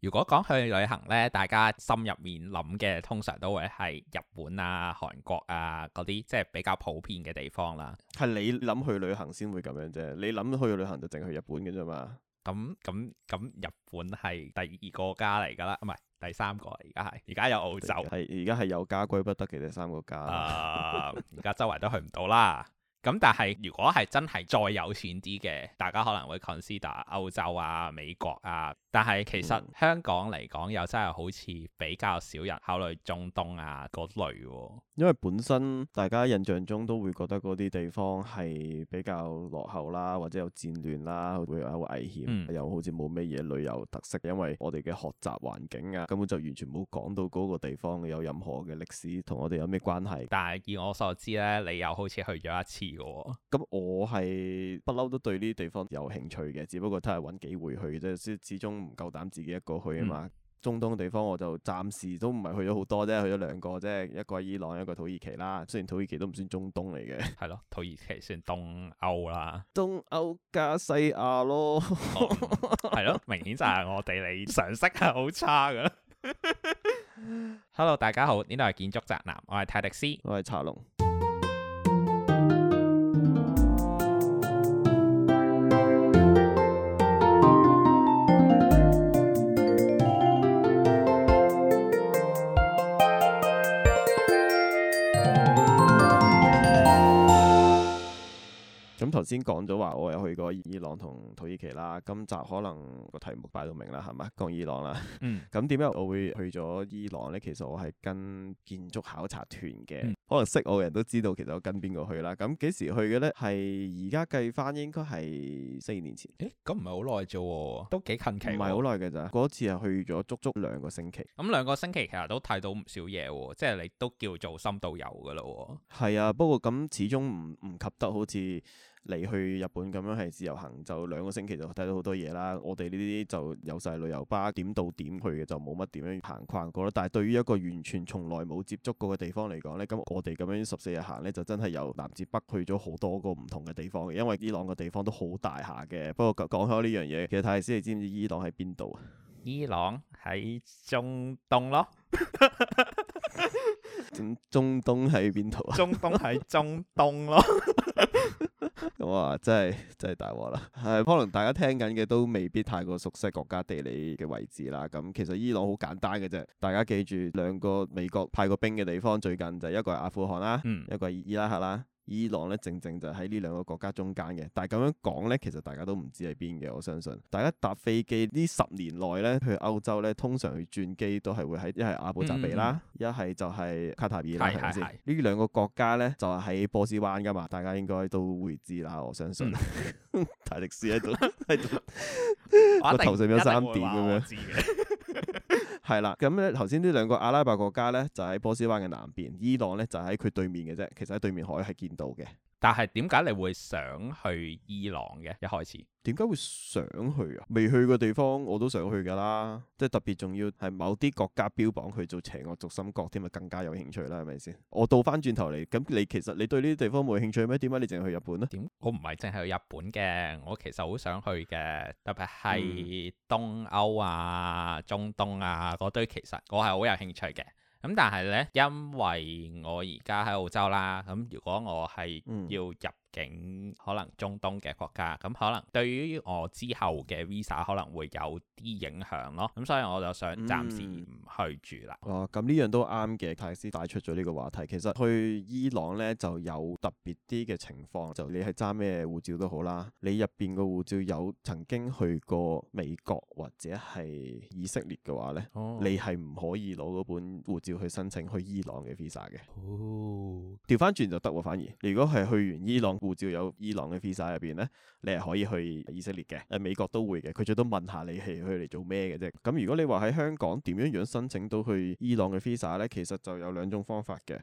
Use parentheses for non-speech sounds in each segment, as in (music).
如果講去旅行咧，大家心入面諗嘅通常都會係日本啊、韓國啊嗰啲，即係比較普遍嘅地方啦。係你諗去旅行先會咁樣啫，你諗去旅行就淨係去日本嘅啫嘛。咁咁咁，日本係第二個家嚟噶啦，唔係，第三個。而家係而家有澳洲，係而家係有家歸不得嘅第三個家。而 (laughs) 家、呃、周圍都去唔到啦。咁、嗯、但係如果係真係再有錢啲嘅，大家可能會 consider 歐洲啊、美國啊，但係其實香港嚟講又真係好似比較少人考慮中東啊嗰類、哦。因為本身大家印象中都會覺得嗰啲地方係比較落後啦，或者有戰亂啦，會有危險，嗯、又好似冇咩嘢旅遊特色。因為我哋嘅學習環境啊，根本就完全冇講到嗰個地方有任何嘅歷史同我哋有咩關係。但係以我所知咧，你又好似去咗一次嘅。咁、嗯、我係不嬲都對呢啲地方有興趣嘅，只不過都係揾幾回去啫，始終唔夠膽自己一個去啊嘛。嗯中東地方我就暫時都唔係去咗好多啫，去咗兩個啫，一個伊朗，一個土耳其啦。雖然土耳其都唔算中東嚟嘅，係咯，土耳其算東歐啦，東歐加西亞咯，係 (laughs) 咯、um，明顯就係我地理常識係好差嘅。 (laughs) Hello，大家好，呢度係建築宅男，我係泰迪斯，我係查龍。先講咗話，我有去過伊朗同土耳其啦。咁就可能個題目擺到明啦，係嘛，講伊朗啦。咁點解我會去咗伊朗咧？其實我係跟建築考察團嘅，嗯、可能識我嘅人都知道，其實我跟邊個去啦。咁幾時去嘅咧？係而家計翻應該係四年前。誒，咁唔係好耐啫，都幾近期、啊。唔係好耐嘅咋，嗰次係去咗足足兩個星期。咁兩個星期其實都睇到唔少嘢、啊，即係你都叫做深度遊嘅咯、啊。係啊，不過咁始終唔唔及得好似嚟去日本咁樣係自由行，就兩個星期就睇到好多嘢啦。我哋呢啲就有晒旅遊巴，點到點去嘅，就冇乜點樣行逛過咯。但係對於一個完全從來冇接觸過嘅地方嚟講咧，咁我哋咁樣十四日行咧，就真係由南至北去咗好多個唔同嘅地方嘅。因為伊朗個地方都好大下嘅。不過講講開呢樣嘢，其實泰斯，你知唔知伊朗喺邊度啊？伊朗喺中東咯 (laughs) 中。中東喺邊度啊？中東喺中東咯。咁啊， (laughs) 真係真係大鑊啦！誒， (laughs) 可能大家聽緊嘅都未必太過熟悉國家地理嘅位置啦。咁其實伊朗好簡單嘅啫，大家記住兩個美國派過兵嘅地方，最近就一個係阿富汗啦，嗯、一個係伊拉克啦。伊朗咧，正正就喺呢兩個國家中間嘅。但係咁樣講咧，其實大家都唔知喺邊嘅。我相信大家搭飛機呢十年內咧，去歐洲咧，通常轉機都係會喺一係阿布扎比啦，一係就係卡塔爾啦，係咪先？呢兩個國家咧就係喺波斯灣噶嘛，大家應該都會知啦。我相信。大力士喺度，喺度個頭上面有三點咁樣。係啦，咁咧頭先呢兩個阿拉伯國家咧就喺波斯灣嘅南邊，伊朗咧就喺佢對面嘅啫，其實喺對面海係見到嘅。但係點解你會想去伊朗嘅？一開始點解會想去啊？未去嘅地方我都想去㗎啦，即係特別仲要係某啲國家標榜佢做邪惡軸心國添，咪更加有興趣啦，係咪先？我倒翻轉頭嚟，咁你其實你對呢啲地方冇興趣咩？點解你淨係去日本咧？我唔係淨係去日本嘅，我其實好想去嘅，特別係東歐啊、中東啊嗰堆，其實我係好有興趣嘅。咁但係咧，因為我而家喺澳洲啦，咁如果我係要入，嗯境可能中東嘅國家，咁、嗯、可能對於我之後嘅 visa 可能會有啲影響咯，咁、嗯、所以我就想暫時唔去住啦、嗯。哦，咁呢樣都啱嘅。泰斯帶出咗呢個話題，其實去伊朗咧就有特別啲嘅情況，就你係揸咩護照都好啦，你入邊個護照有曾經去過美國或者係以色列嘅話咧，哦、你係唔可以攞嗰本護照去申請去伊朗嘅 visa 嘅。哦，調翻轉就得喎、啊，反而你如果係去完伊朗。護照有伊朗嘅 Visa 入邊咧，你係可以去以色列嘅，誒、啊、美國都會嘅，佢最多問下你係去嚟做咩嘅啫。咁如果你話喺香港點樣樣申請到去伊朗嘅 Visa 咧，其實就有兩種方法嘅。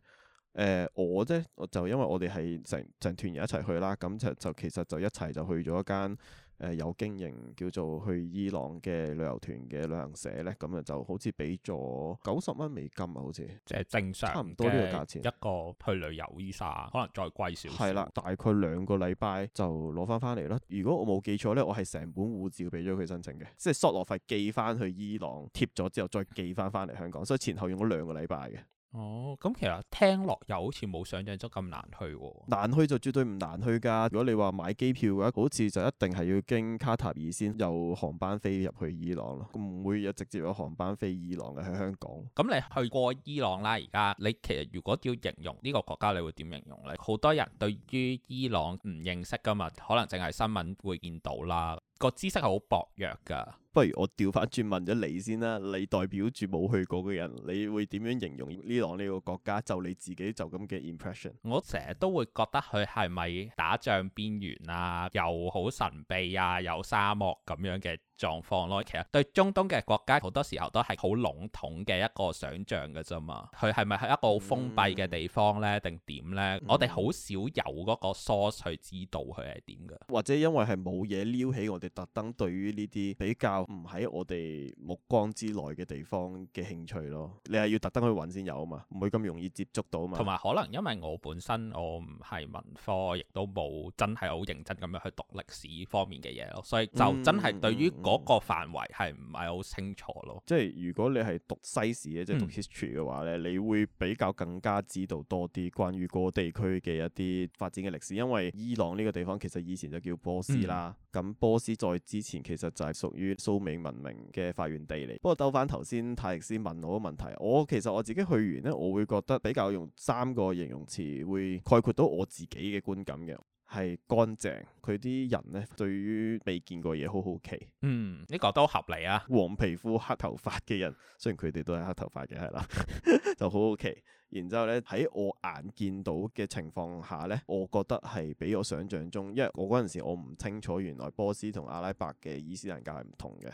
誒我咧，我就因為我哋係成成團人一齊去啦，咁就就其實就一齊就去咗一間。誒、呃、有經營叫做去伊朗嘅旅遊團嘅旅行社咧，咁啊就好似俾咗九十蚊美金啊，好似即係正常差唔多呢個價錢一個去旅遊 visa，可能再貴少少。係啦，大概兩個禮拜就攞翻翻嚟咯。如果我冇記錯咧，我係成本護照俾咗佢申請嘅，即係索羅費寄翻去伊朗貼咗之後，再寄翻翻嚟香港，所以前後用咗兩個禮拜嘅。哦，咁其實聽落又好似冇想象中咁難去。啊，難去就絕對唔難去噶如果你話買機票嘅話，好似就一定係要經卡塔爾先有航班飛入去伊朗咯，唔會一直接有航班飛伊朗嘅喺香港。咁你去過伊朗啦，而家你其實如果要形容呢個國家，你會點形容呢？好多人對於伊朗唔認識噶嘛，可能淨係新聞會見到啦，個知識係好薄弱噶。不如我調返轉問咗你先啦，你代表住冇去過嘅人，你會點樣形容伊朗呢個國家？就你自己就咁嘅 impression。我成日都會覺得佢係咪打仗邊緣啊，又好神秘啊，有沙漠咁樣嘅狀況咯、啊。其實對中東嘅國家好多時候都係好籠統嘅一個想像㗎啫嘛。佢係咪係一個好封閉嘅地方呢？定點、嗯、呢？嗯、我哋好少有嗰個 source 去知道佢係點嘅，或者因為係冇嘢撩起我哋特登對於呢啲比較。唔喺我哋目光之內嘅地方嘅興趣咯，你係要特登去揾先有啊嘛，唔會咁容易接觸到啊嘛。同埋可能因為我本身我唔係文科，亦都冇真係好認真咁樣去讀歷史方面嘅嘢咯，所以就真係對於嗰個範圍係唔係好清楚咯。嗯嗯嗯、即係如果你係讀西史咧，即係讀 history 嘅話咧，嗯、你會比較更加知道多啲關於個地區嘅一啲發展嘅歷史，因為伊朗呢個地方其實以前就叫波斯啦，咁、嗯、波斯在之前其實就係屬於。美文明文明嘅發源地嚟，不過兜翻頭先泰迪斯問我嘅問題，我其實我自己去完呢，我會覺得比較用三個形容詞會概括到我自己嘅觀感嘅，係乾淨，佢啲人呢，對於未見過嘢好好奇。嗯，你覺得好合理啊？黃皮膚黑頭髮嘅人，雖然佢哋都係黑頭髮嘅，係啦， (laughs) 就好好奇。然之後咧，喺我眼見到嘅情況下咧，我覺得係比我想象中，因為我嗰陣時我唔清楚原來波斯同阿拉伯嘅伊斯蘭教係唔同嘅。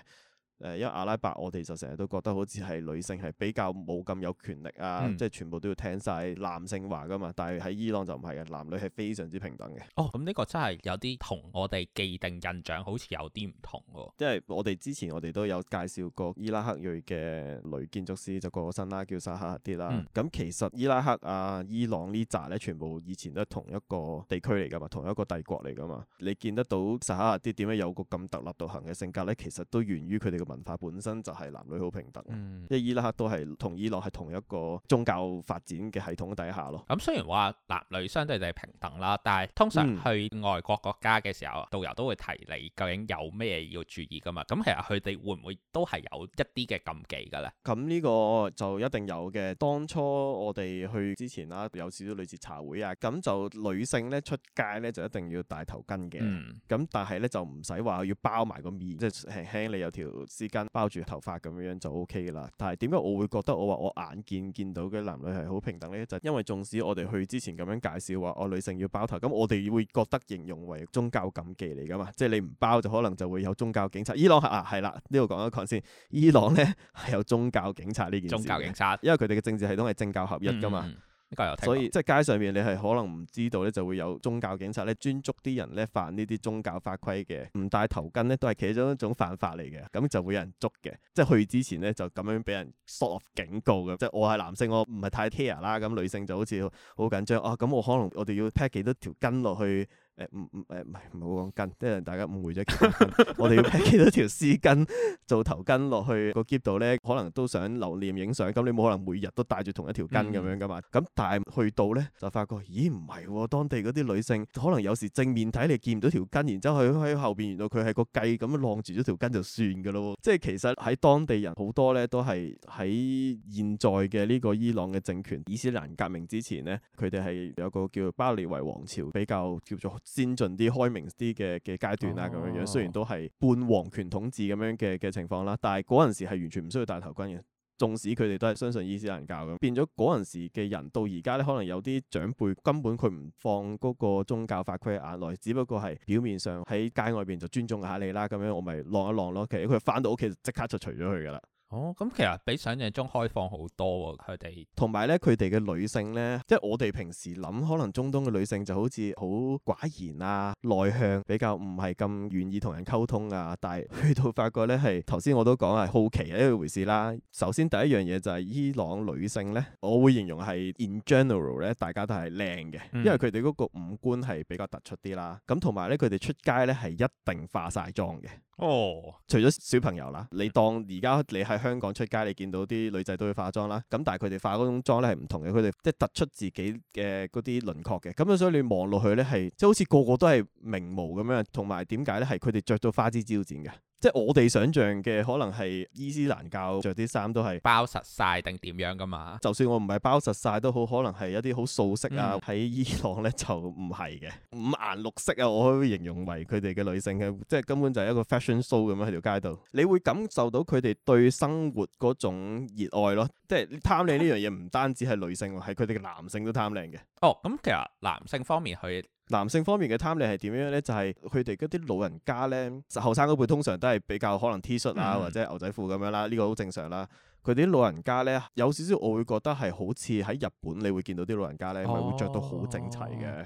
誒，因為阿拉伯我哋就成日都覺得好似係女性係比較冇咁有，有權力啊，嗯、即係全部都要聽晒男性話噶嘛。但係喺伊朗就唔係嘅，男女係非常之平等嘅。哦，咁呢個真係有啲同我哋既定印象好似有啲唔同喎。即係我哋之前我哋都有介紹過伊拉克裔嘅女建築師就過咗身薩克克啦，叫沙哈迪啦。咁其實伊拉克啊、伊朗呢扎咧，全部以前都係同一個地區嚟噶嘛，同一個帝國嚟噶嘛。你見得到沙哈迪點樣有個咁特立獨行嘅性格咧，其實都源於佢哋。文化本身就係男女好平等、嗯，即係伊拉克都係同伊朗係同一個宗教發展嘅系統底下咯。咁雖然話男女相對係平等啦，但係通常去外國國家嘅時候，嗯、導遊都會提你究竟有咩要注意噶嘛。咁其實佢哋會唔會都係有一啲嘅禁忌㗎咧？咁呢個就一定有嘅。當初我哋去之前啦，有少少類似茶會啊，咁就女性咧出街咧就一定要戴頭巾嘅。咁、嗯、但係咧就唔使話要包埋個面，即係輕輕你有條絲巾包住頭髮咁樣樣就 OK 啦。但係點解我會覺得我話我眼見見到嘅男女係好平等呢？就因為縱使我哋去之前咁樣介紹話我女性要包頭，咁我哋會覺得形容為宗教禁忌嚟噶嘛？即係你唔包就可能就會有宗教警察。伊朗啊係啦，呢度講一講先。伊朗咧係有宗教警察呢件事。宗教警察，因為佢哋嘅政治系統係政教合一噶嘛。嗯所以即係街上面，你係可能唔知道咧，就會有宗教警察咧專捉啲人咧犯呢啲宗教法規嘅，唔戴頭巾咧都係其中一種犯法嚟嘅，咁就會有人捉嘅。即係去之前咧就咁樣俾人 sort of 警告嘅，即係我係男性，我唔係太 care 啦。咁女性就好似好緊張啊，咁我可能我哋要 pack 幾多條巾落去。誒唔唔誒唔係唔好講巾，即係大家誤會咗。我哋要幾多條絲巾做頭巾落去個喼度咧？可能都想留念影相。咁你冇可能每日都戴住同一條巾咁樣噶嘛？咁但係去到咧就發覺，咦唔係，當地嗰啲女性可能有時正面睇你見唔到條巾，然之後佢喺後邊，原到佢係個髻咁樣晾住咗條巾就算噶咯。即係其實喺當地人好多咧，都係喺現在嘅呢個伊朗嘅政權伊斯蘭革命之前咧，佢哋係有個叫做巴列維王朝，比較叫做。先進啲、開明啲嘅嘅階段啊，咁樣樣雖然都係半皇權統治咁樣嘅嘅情況啦，但係嗰陣時係完全唔需要戴頭巾嘅，縱使佢哋都係相信伊斯蘭教咁，變咗嗰陣時嘅人到而家咧，可能有啲長輩根本佢唔放嗰個宗教法規嘅眼內，只不過係表面上喺街外邊就尊重下你啦，咁樣我咪晾一晾咯，其實佢翻到屋企就即刻就除咗佢噶啦。哦，咁其實比想像中開放好多喎。哦，佢哋同埋咧，佢哋嘅女性咧，即係我哋平時諗，可能中東嘅女性就好似好寡言啊、內向，比較唔係咁願意同人溝通啊。但係去到發覺咧，係頭先我都講係好奇嘅一回事啦。首先第一樣嘢就係伊朗女性咧，我會形容係 in general 咧，大家都係靚嘅，嗯、因為佢哋嗰個五官係比較突出啲啦。咁同埋咧，佢哋出街咧係一定化晒妝嘅。哦，除咗小朋友啦，你當而家你喺香港出街，你見到啲女仔都會化妝啦。咁但係佢哋化嗰種妝咧係唔同嘅，佢哋即係突出自己嘅嗰啲輪廓嘅。咁樣所以你望落去咧係即係好似個個都係名模咁樣，同埋點解咧係佢哋着咗花枝招展嘅？即係我哋想象嘅可能係伊斯蘭教着啲衫都係包實晒定點樣㗎嘛？就算我唔係包實晒都好，可能係一啲好素色啊。喺、嗯、伊朗咧就唔係嘅，五顏六色啊！我可以形容為佢哋嘅女性嘅，即係根本就係一個 fashion show 咁樣喺條街度。你會感受到佢哋對生活嗰種熱愛咯。即係你貪靚呢樣嘢，唔單止係女性喎，係佢哋嘅男性都貪靚嘅。哦，咁其實男性方面去。男性方面嘅貪靚係點樣咧？就係佢哋嗰啲老人家咧，後生嗰輩通常都係比較可能 T 恤啊或者牛仔褲咁樣啦，呢個好正常啦。佢哋啲老人家咧有少少，我會覺得係好似喺日本，你會見到啲老人家咧，係、哦、會着到好整齊嘅。哦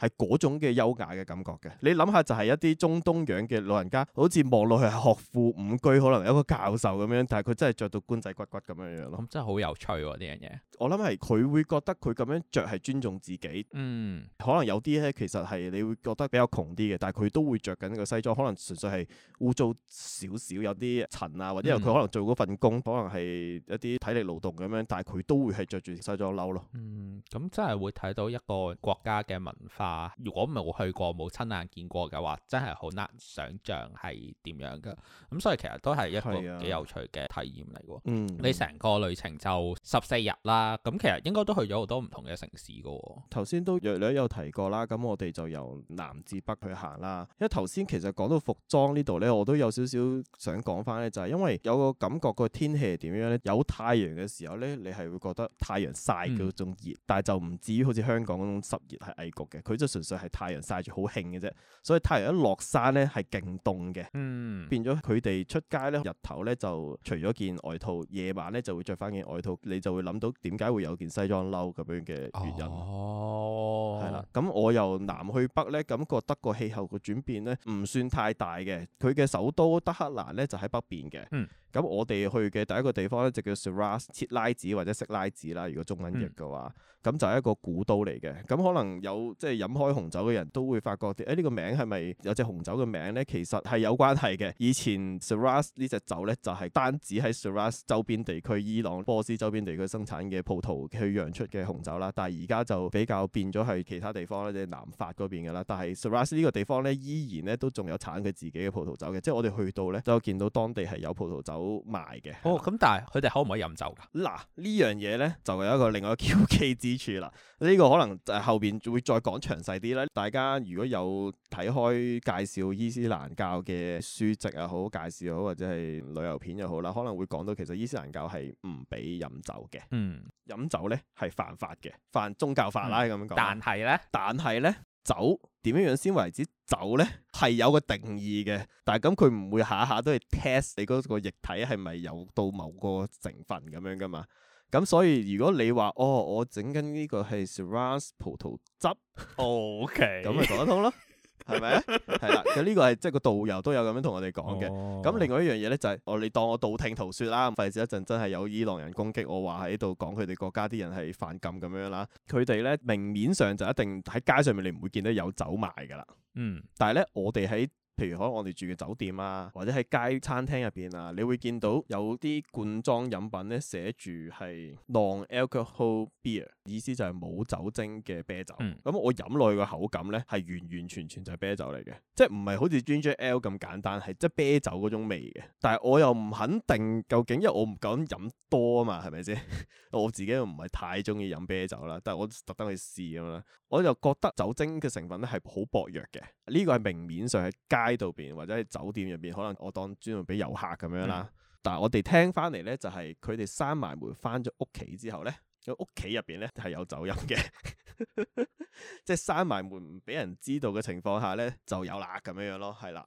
係嗰種嘅優雅嘅感覺嘅。你諗下，就係一啲中東樣嘅老人家，好似望落去係學富五車，可能一個教授咁樣，但係佢真係着到官仔骨骨咁樣、嗯嗯嗯、樣咯。咁真係好有趣喎！呢樣嘢，我諗係佢會覺得佢咁樣着係尊重自己。嗯，可能有啲咧，其實係你會覺得比較窮啲嘅，但係佢都會著緊個西裝，可能純粹係污糟少少，有啲塵啊，或者佢可能做嗰份工，可能係一啲體力勞動咁樣，但係佢都會係着住西裝褸咯、嗯。嗯，咁、嗯、真係會睇到一個國家嘅文化。啊！如果冇去過冇親眼見過嘅話，真係好難想像係點樣噶。咁所以其實都係一個幾有趣嘅體驗嚟喎。嗯，你成個旅程就十四日啦。咁其實應該都去咗好多唔同嘅城市噶。頭先都略略有提過啦。咁我哋就由南至北去行啦。因為頭先其實講到服裝呢度咧，我都有少少想講翻咧，就係因為有個感覺個天氣係點樣咧？有太陽嘅時候咧，你係會覺得太陽曬嗰種熱，嗯、但係就唔至於好似香港嗰種濕熱係翳焗嘅佢。即純粹係太陽晒住好興嘅啫，所以太陽一落山咧係勁凍嘅，嗯、變咗佢哋出街咧日頭咧就除咗件外套，夜晚咧就會着翻件外套，你就會諗到點解會有件西裝褸咁樣嘅原因。哦，係啦，咁我由南去北咧，咁覺得個氣候個轉變咧唔算太大嘅，佢嘅首都德黑蘭咧就喺北邊嘅。嗯咁我哋去嘅第一個地方咧就叫 Shiraz 切拉子或者色拉子啦，如果中文譯嘅話，咁、嗯、就係一個古都嚟嘅。咁可能有即係飲開紅酒嘅人都會發覺，誒呢、這個名係咪有隻紅酒嘅名咧？其實係有關係嘅。以前 Shiraz 呢隻酒咧就係、是、單止喺 Shiraz 周邊地區、伊朗、波斯周邊地區生產嘅葡萄去釀出嘅紅酒啦。但係而家就比較變咗係其他地方咧，即係南法嗰邊嘅啦。但係 Shiraz 呢個地方咧依然咧都仲有產佢自己嘅葡萄酒嘅，即係我哋去到咧都有見到當地係有葡萄酒。好賣嘅，哦，咁但係佢哋可唔可以飲酒㗎？嗱、啊，呢樣嘢咧就有一個另外一個蹺蹊之處啦。呢、這個可能誒後邊會再講詳細啲咧。大家如果有睇開介紹伊斯蘭教嘅書籍又好，介紹好或者係旅遊片又好啦，可能會講到其實伊斯蘭教係唔俾飲酒嘅。嗯，飲酒咧係犯法嘅，犯宗教法啦，咁、嗯、樣講。但係咧，但係咧，酒。點樣樣先為之酒咧，係有個定義嘅，但係咁佢唔會下下都係 test 你嗰個液體係咪有到某個成分咁樣噶嘛，咁所以如果你話，哦，我整緊呢個係 sirrus 葡萄汁，OK，咁咪講得通咯。 (laughs) 係咪啊？係啦，咁呢個係即係個導遊都有咁樣同我哋講嘅。咁、哦、另外一樣嘢咧，就係，哦，你當我道聽途說啦，唔費事一陣真係有伊朗人攻擊我話喺度講佢哋國家啲人係犯禁咁樣啦。佢哋咧，明面上就一定喺街上面你唔會見到有酒賣噶啦。嗯，但係咧我哋喺。譬如可能我哋住嘅酒店啊，或者喺街餐廳入邊啊，你會見到有啲罐裝飲品咧寫住係 Non Alcohol Beer，意思就係冇酒精嘅啤酒。咁、嗯、我飲落去個口感咧係完完全全就係啤酒嚟嘅，即係唔係好似 Ginger Ale 咁簡單，係即係啤酒嗰種味嘅。但係我又唔肯定究竟，因為我唔敢飲多啊嘛，係咪先？ (laughs) 我自己又唔係太中意飲啤酒啦，但係我特登去試咁啦，我就覺得酒精嘅成分咧係好薄弱嘅。呢、這個係明面上喺喺度邊或者喺酒店入邊，可能我當專門俾遊客咁樣啦。嗯、但係我哋聽翻嚟咧，就係佢哋閂埋門翻咗屋企之後咧，喺屋企入邊咧係有酒飲嘅，即係閂埋門唔俾人知道嘅情況下咧就有啦咁樣樣咯，係啦。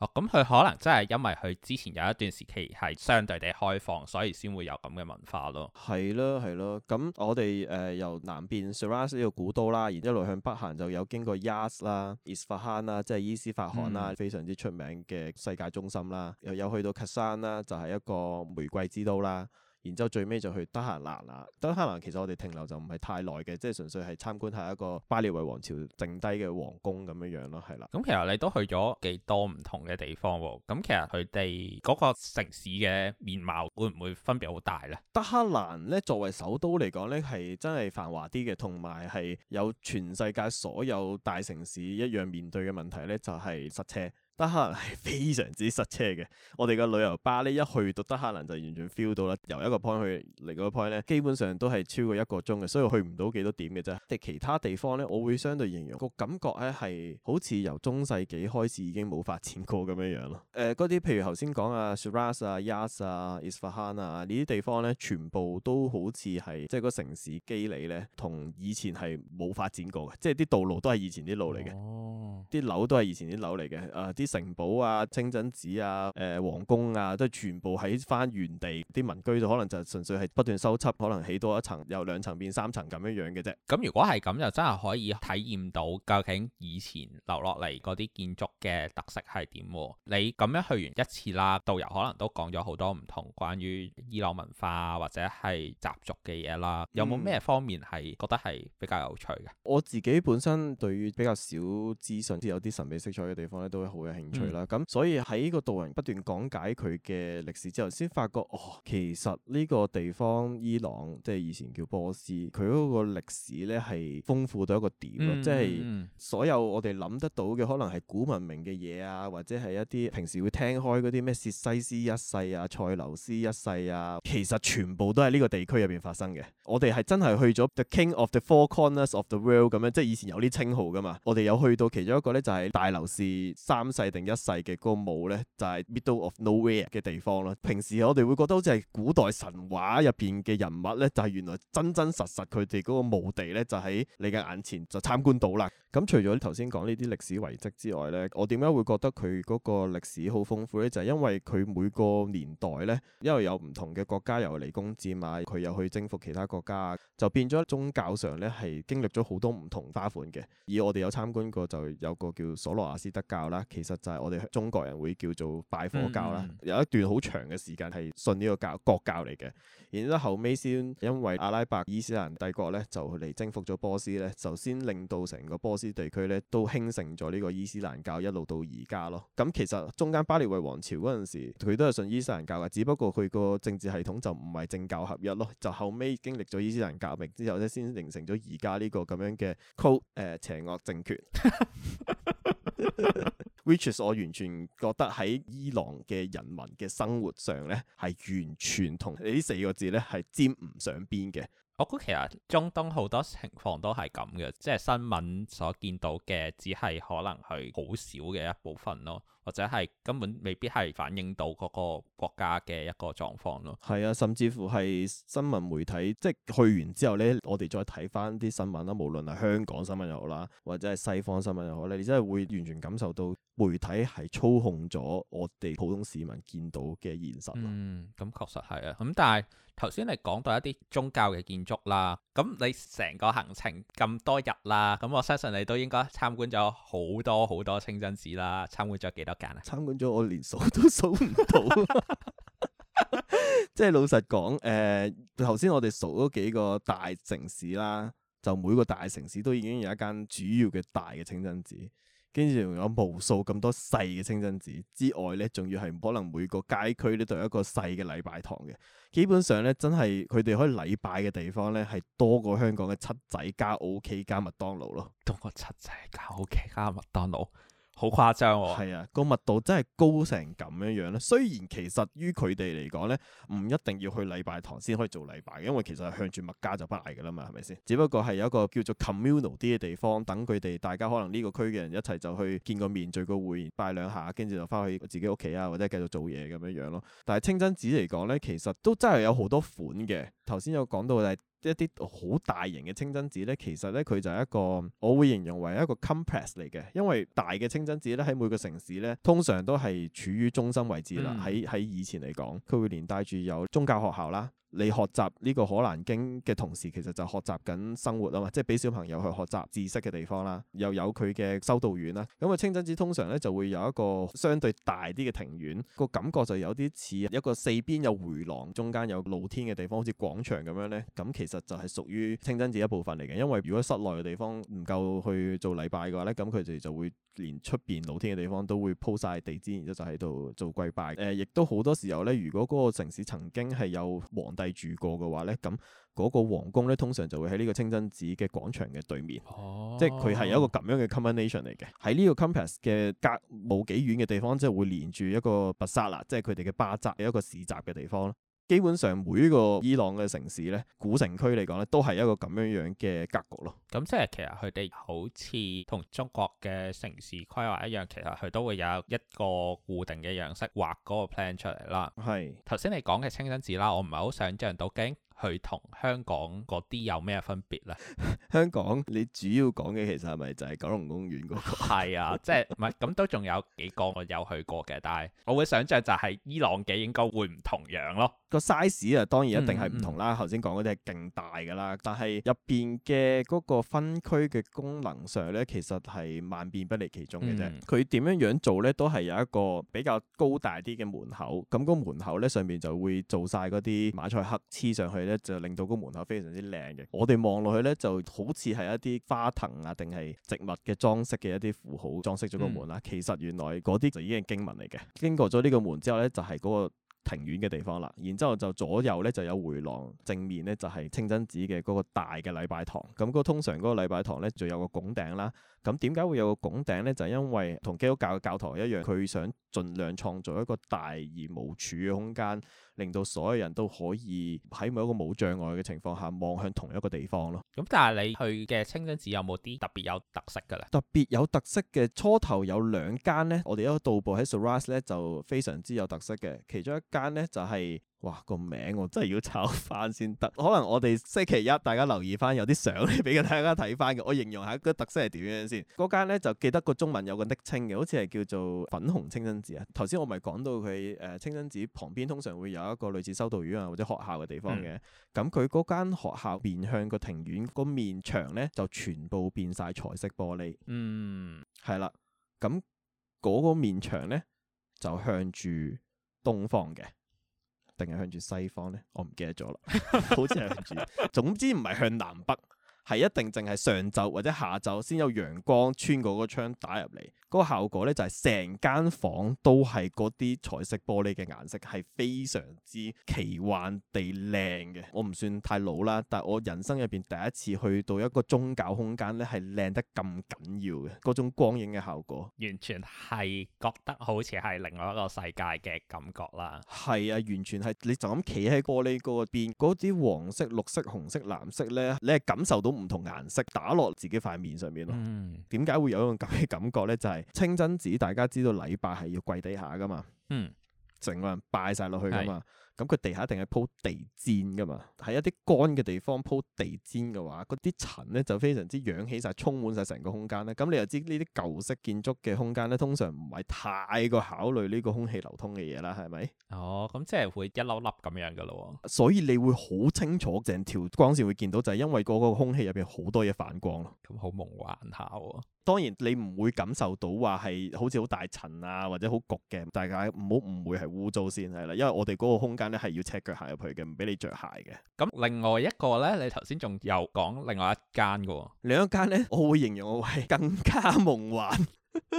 哦，咁佢可能真係因為佢之前有一段時期係相對地開放，所以先會有咁嘅文化咯。係咯，係咯。咁我哋誒、呃、由南邊 Shiraz 呢個古都啦，然之後一路向北行就有經過 Yazd 啦、Isfahan 啦，即係伊斯法罕啦，嗯、非常之出名嘅世界中心啦，又有去到 Kashan 啦，就係、是、一個玫瑰之都啦。然之後最尾就去德黑蘭啦，德黑蘭其實我哋停留就唔係太耐嘅，即係純粹係參觀下一個巴列維王朝剩低嘅皇宮咁樣樣咯，係啦。咁其實你都去咗幾多唔同嘅地方喎？咁其實佢哋嗰個城市嘅面貌會唔會分別好大呢？德黑蘭咧作為首都嚟講咧，係真係繁華啲嘅，同埋係有全世界所有大城市一樣面對嘅問題咧，就係塞車。德黑蘭係非常之塞車嘅，我哋嘅旅遊巴咧一去到德黑蘭就完全 feel 到啦，由一個 point 去嚟一個 point 咧，基本上都係超過一個鐘嘅，所以去唔到幾多點嘅啫。地其他地方咧，我會相對形容、個感覺咧係好似由中世紀開始已經冇發展過咁樣樣咯。誒、呃，嗰啲譬如頭先講啊 Shiraz 啊、Yazd 啊、Isfahan 啊呢啲地方咧，全部都好似係即係個城市肌理咧，同以前係冇發展過嘅，即係啲道路都係以前啲路嚟嘅，啲、哦、樓都係以前啲樓嚟嘅，啊、呃、啲。城堡啊、清真寺啊、誒、呃、皇宮啊，都係全部喺翻原地啲民居度，可能就純粹係不斷修葺，可能起多一層，由兩層變三層咁樣樣嘅啫。咁如果係咁，就真係可以體驗到究竟以前留落嚟嗰啲建築嘅特色係點。你咁樣去完一次啦，導遊可能都講咗好多唔同關於伊朗文化或者係習俗嘅嘢啦。有冇咩方面係、嗯、覺得係比較有趣嘅？我自己本身對於比較少資訊、有啲神秘色彩嘅地方咧，都會好興啦，咁、嗯、所以喺呢個導人不斷講解佢嘅歷史之後，先發覺哦，其實呢個地方伊朗，即係以前叫波斯，佢嗰個歷史咧係豐富到一個點、嗯、即係所有我哋諗得到嘅，可能係古文明嘅嘢啊，或者係一啲平時會聽開嗰啲咩薛西斯一世啊、塞琉斯一世啊，其實全部都係呢個地區入邊發生嘅。我哋係真係去咗 The King of the Four Corners of the World 咁樣，即係以前有啲稱號㗎嘛。我哋有去到其中一個咧，就係、是、大樓市三世定一世嘅嗰個墓咧，就係、是、Middle of Nowhere 嘅地方啦。平時我哋會覺得好似係古代神話入邊嘅人物咧，就係、是、原來真真實實佢哋嗰個墓地咧，就喺你嘅眼前就參觀到啦。咁除咗你頭先講呢啲歷史遺跡之外咧，我點解會覺得佢嗰個歷史好豐富咧？就係、是、因為佢每個年代咧，因為有唔同嘅國家又嚟攻佔啊，佢又去征服其他國家就變咗宗教上咧係經歷咗好多唔同花款嘅，而我哋有參觀過就有個叫瑣羅亞斯德教啦，其實就係我哋中國人會叫做拜火教啦，嗯嗯嗯，有一段好長嘅時間係信呢個教國教嚟嘅，然之後後尾先因為阿拉伯伊斯蘭帝國咧就嚟征服咗波斯咧，就先令到成個波斯地區咧都興盛咗呢個伊斯蘭教一路到而家咯。咁、嗯、其實中間巴列維王朝嗰陣時佢都係信伊斯蘭教嘅，只不過佢個政治系統就唔係政教合一咯，就後尾經歷。咗伊斯蘭革命之後咧，先形成咗而家呢個咁樣嘅 co 誒邪惡政權，which is 我完全覺得喺伊朗嘅人民嘅生活上咧，係完全同呢四個字咧係沾唔上邊嘅。 (noise) 我估其實中東好多情況都係咁嘅，即係新聞所見到嘅，只係可能係好少嘅一部分咯。或者係根本未必係反映到嗰個國家嘅一個狀況咯。係啊，甚至乎係新聞媒體，即係去完之後咧，我哋再睇翻啲新聞啦，無論係香港新聞又好啦，或者係西方新聞又好咧，你真係會完全感受到媒體係操控咗我哋普通市民見到嘅現實咯。嗯，咁、嗯、確實係啊。咁、嗯、但係頭先你講到一啲宗教嘅建築啦，咁你成個行程咁多日啦，咁我相信你都應該參觀咗好多好多清真寺啦，參觀咗幾多？參觀咗我連數都數唔到， (laughs) (laughs) 即係老實講，誒、呃，頭先我哋數咗幾個大城市啦，就每個大城市都已經有一間主要嘅大嘅清真寺，跟住仲有無數咁多細嘅清真寺之外咧，仲要係可能每個街區都有一個細嘅禮拜堂嘅，基本上咧真係佢哋可以禮拜嘅地方咧係多過香港嘅七仔加 OK 加麥當勞咯，多過七仔加 OK 加麥當勞。好誇張喎，係啊，個密度真係高成咁樣樣咧。雖然其實於佢哋嚟講咧，唔一定要去禮拜堂先可以做禮拜嘅，因為其實係向住麥加就拜㗎啦嘛，係咪先？只不過係有一個叫做 communal 啲嘅地方，等佢哋大家可能呢個區嘅人一齊就去見個面，聚個會，拜兩下，跟住就返去自己屋企啊，或者繼續做嘢咁樣樣咯。但係清真寺嚟講咧，其實都真係有好多款嘅。頭先有講到就一啲好大型嘅清真寺咧，其實咧佢就係一個，我會形容為一個 complex 嚟嘅，因為大嘅清真寺咧，喺每個城市咧，通常都係處於中心位置啦。喺喺、嗯、以前嚟講，佢會連帶住有宗教學校啦。你學習呢個《可蘭經》嘅同時，其實就學習緊生活啊嘛，即係俾小朋友去學習知識嘅地方啦。又有佢嘅修道院啦。咁啊，清真寺通常咧就會有一個相對大啲嘅庭院，個感覺就有啲似一個四邊有回廊，中間有露天嘅地方，好似廣場咁樣咧。咁其實就係屬於清真寺一部分嚟嘅，因為如果室內嘅地方唔夠去做禮拜嘅話咧，咁佢哋就會，連出邊露天嘅地方都會鋪晒地氈，然之後就喺度做跪拜。誒、呃，亦都好多時候咧，如果嗰個城市曾經係有皇帝住過嘅話咧，咁嗰個皇宮咧通常就會喺呢個清真寺嘅廣場嘅對面，哦、即係佢係有一個咁樣嘅 combination 嚟嘅。喺呢個 compass 嘅隔冇幾遠嘅地方，即係會連住一個白沙那，即係佢哋嘅巴扎，有一個市集嘅地方啦。基本上每一個伊朗嘅城市咧，古城區嚟講咧，都係一個咁樣樣嘅格局咯。咁即係其實佢哋好似同中國嘅城市規劃一樣，其實佢都會有一個固定嘅樣式畫嗰個 plan 出嚟啦。係頭先你講嘅清真寺啦，我唔係好想像到驚佢同香港嗰啲有咩分別咧。 (laughs) 香港你主要講嘅其實係咪就係九龍公園嗰個？係 (laughs) 啊，即係唔係咁都仲有幾個我有去過嘅，但係我會想像就係伊朗嘅應該會唔同樣咯。個 size 啊，當然一定係唔同啦。頭先講嗰啲係勁大噶啦，但係入邊嘅嗰個分區嘅功能上咧，其實係萬變不離其宗嘅啫。佢點樣樣做咧，都係有一個比較高大啲嘅門口。咁個門口咧上面就會做晒嗰啲馬賽克黐上去咧，就令到個門口非常之靚嘅。我哋望落去咧，就好似係一啲花藤啊，定係植物嘅裝飾嘅一啲符號裝飾咗個門啦。嗯、其實原來嗰啲就已經係經文嚟嘅。經過咗呢個門之後咧，就係嗰個庭院嘅地方啦，然之後就左右咧就有回廊，正面咧就係清真寺嘅嗰個大嘅禮拜堂。咁嗰通常嗰個禮拜堂咧就有個拱頂啦。咁點解會有個拱頂咧？就係因為同基督教嘅教堂一樣，佢想盡量創造一個大而無柱嘅空間。令到所有人都可以喺每一個冇障礙嘅情況下望向同一個地方咯。咁但係你去嘅清真寺有冇啲特別有特色嘅咧？特別有特色嘅初頭有兩間咧，我哋一路徒步喺 Shiraz 咧就非常之有特色嘅。其中一間咧就係、是。哇！個名我真係要抄翻先得。可能我哋星期一大家留意翻，有啲相俾大家睇翻嘅。我形容下個特色係點樣先。嗰間咧就記得個中文有個昵稱嘅，好似係叫做粉紅清真寺啊。頭先我咪講到佢誒清真寺旁邊通常會有一個類似修道院啊或者學校嘅地方嘅。咁佢嗰間學校面向個庭院個面牆咧就全部變晒彩色玻璃。嗯，係啦。咁嗰個面牆咧就向住東方嘅，定係向住西方呢？我唔記得咗啦， (laughs) 好似係向住。總之唔係向南北，係一定淨係上晝或者下晝先有陽光穿過個窗打入嚟。嗰個效果咧就係、是、成間房都係嗰啲彩色玻璃嘅顏色係非常之奇幻地靚嘅。我唔算太老啦，但係我人生入邊第一次去到一個宗教空間咧，係靚得咁緊要嘅嗰種光影嘅效果，完全係覺得好似係另外一個世界嘅感覺啦。係 (noise) 啊，完全係你就咁企喺玻璃嗰邊，嗰啲黃色、綠色、紅色、藍色咧，你係感受到唔同顏色打落自己塊面上面咯。點解、嗯、會有呢種咁嘅感覺咧？就係、是清真寺大家知道禮拜係要跪地下噶嘛，嗯，成個人拜晒落去噶嘛，咁佢是、嗯、地下一定係鋪地氈噶嘛，喺一啲乾嘅地方鋪地氈嘅話，嗰啲塵咧就非常之揚起晒，充滿晒成個空間咧。咁、嗯、你又知呢啲舊式建築嘅空間咧，通常唔係太過考慮呢個空氣流通嘅嘢啦，係咪？哦，咁、嗯、即係會一粒粒咁樣噶咯。所以你會好清楚成條光線會見到，就係、是、因為嗰個空氣入邊好多嘢反光咯。咁好夢幻下。嗯嗯當然你唔會感受到話係好似好大塵啊或者好焗嘅，大家唔好誤會係污糟先係啦。因為我哋嗰個空間咧係要赤腳行入去嘅，唔俾你着鞋嘅。咁另外一個咧，你頭先仲又講另外一間嘅，另一間咧我會形容我係更加夢幻，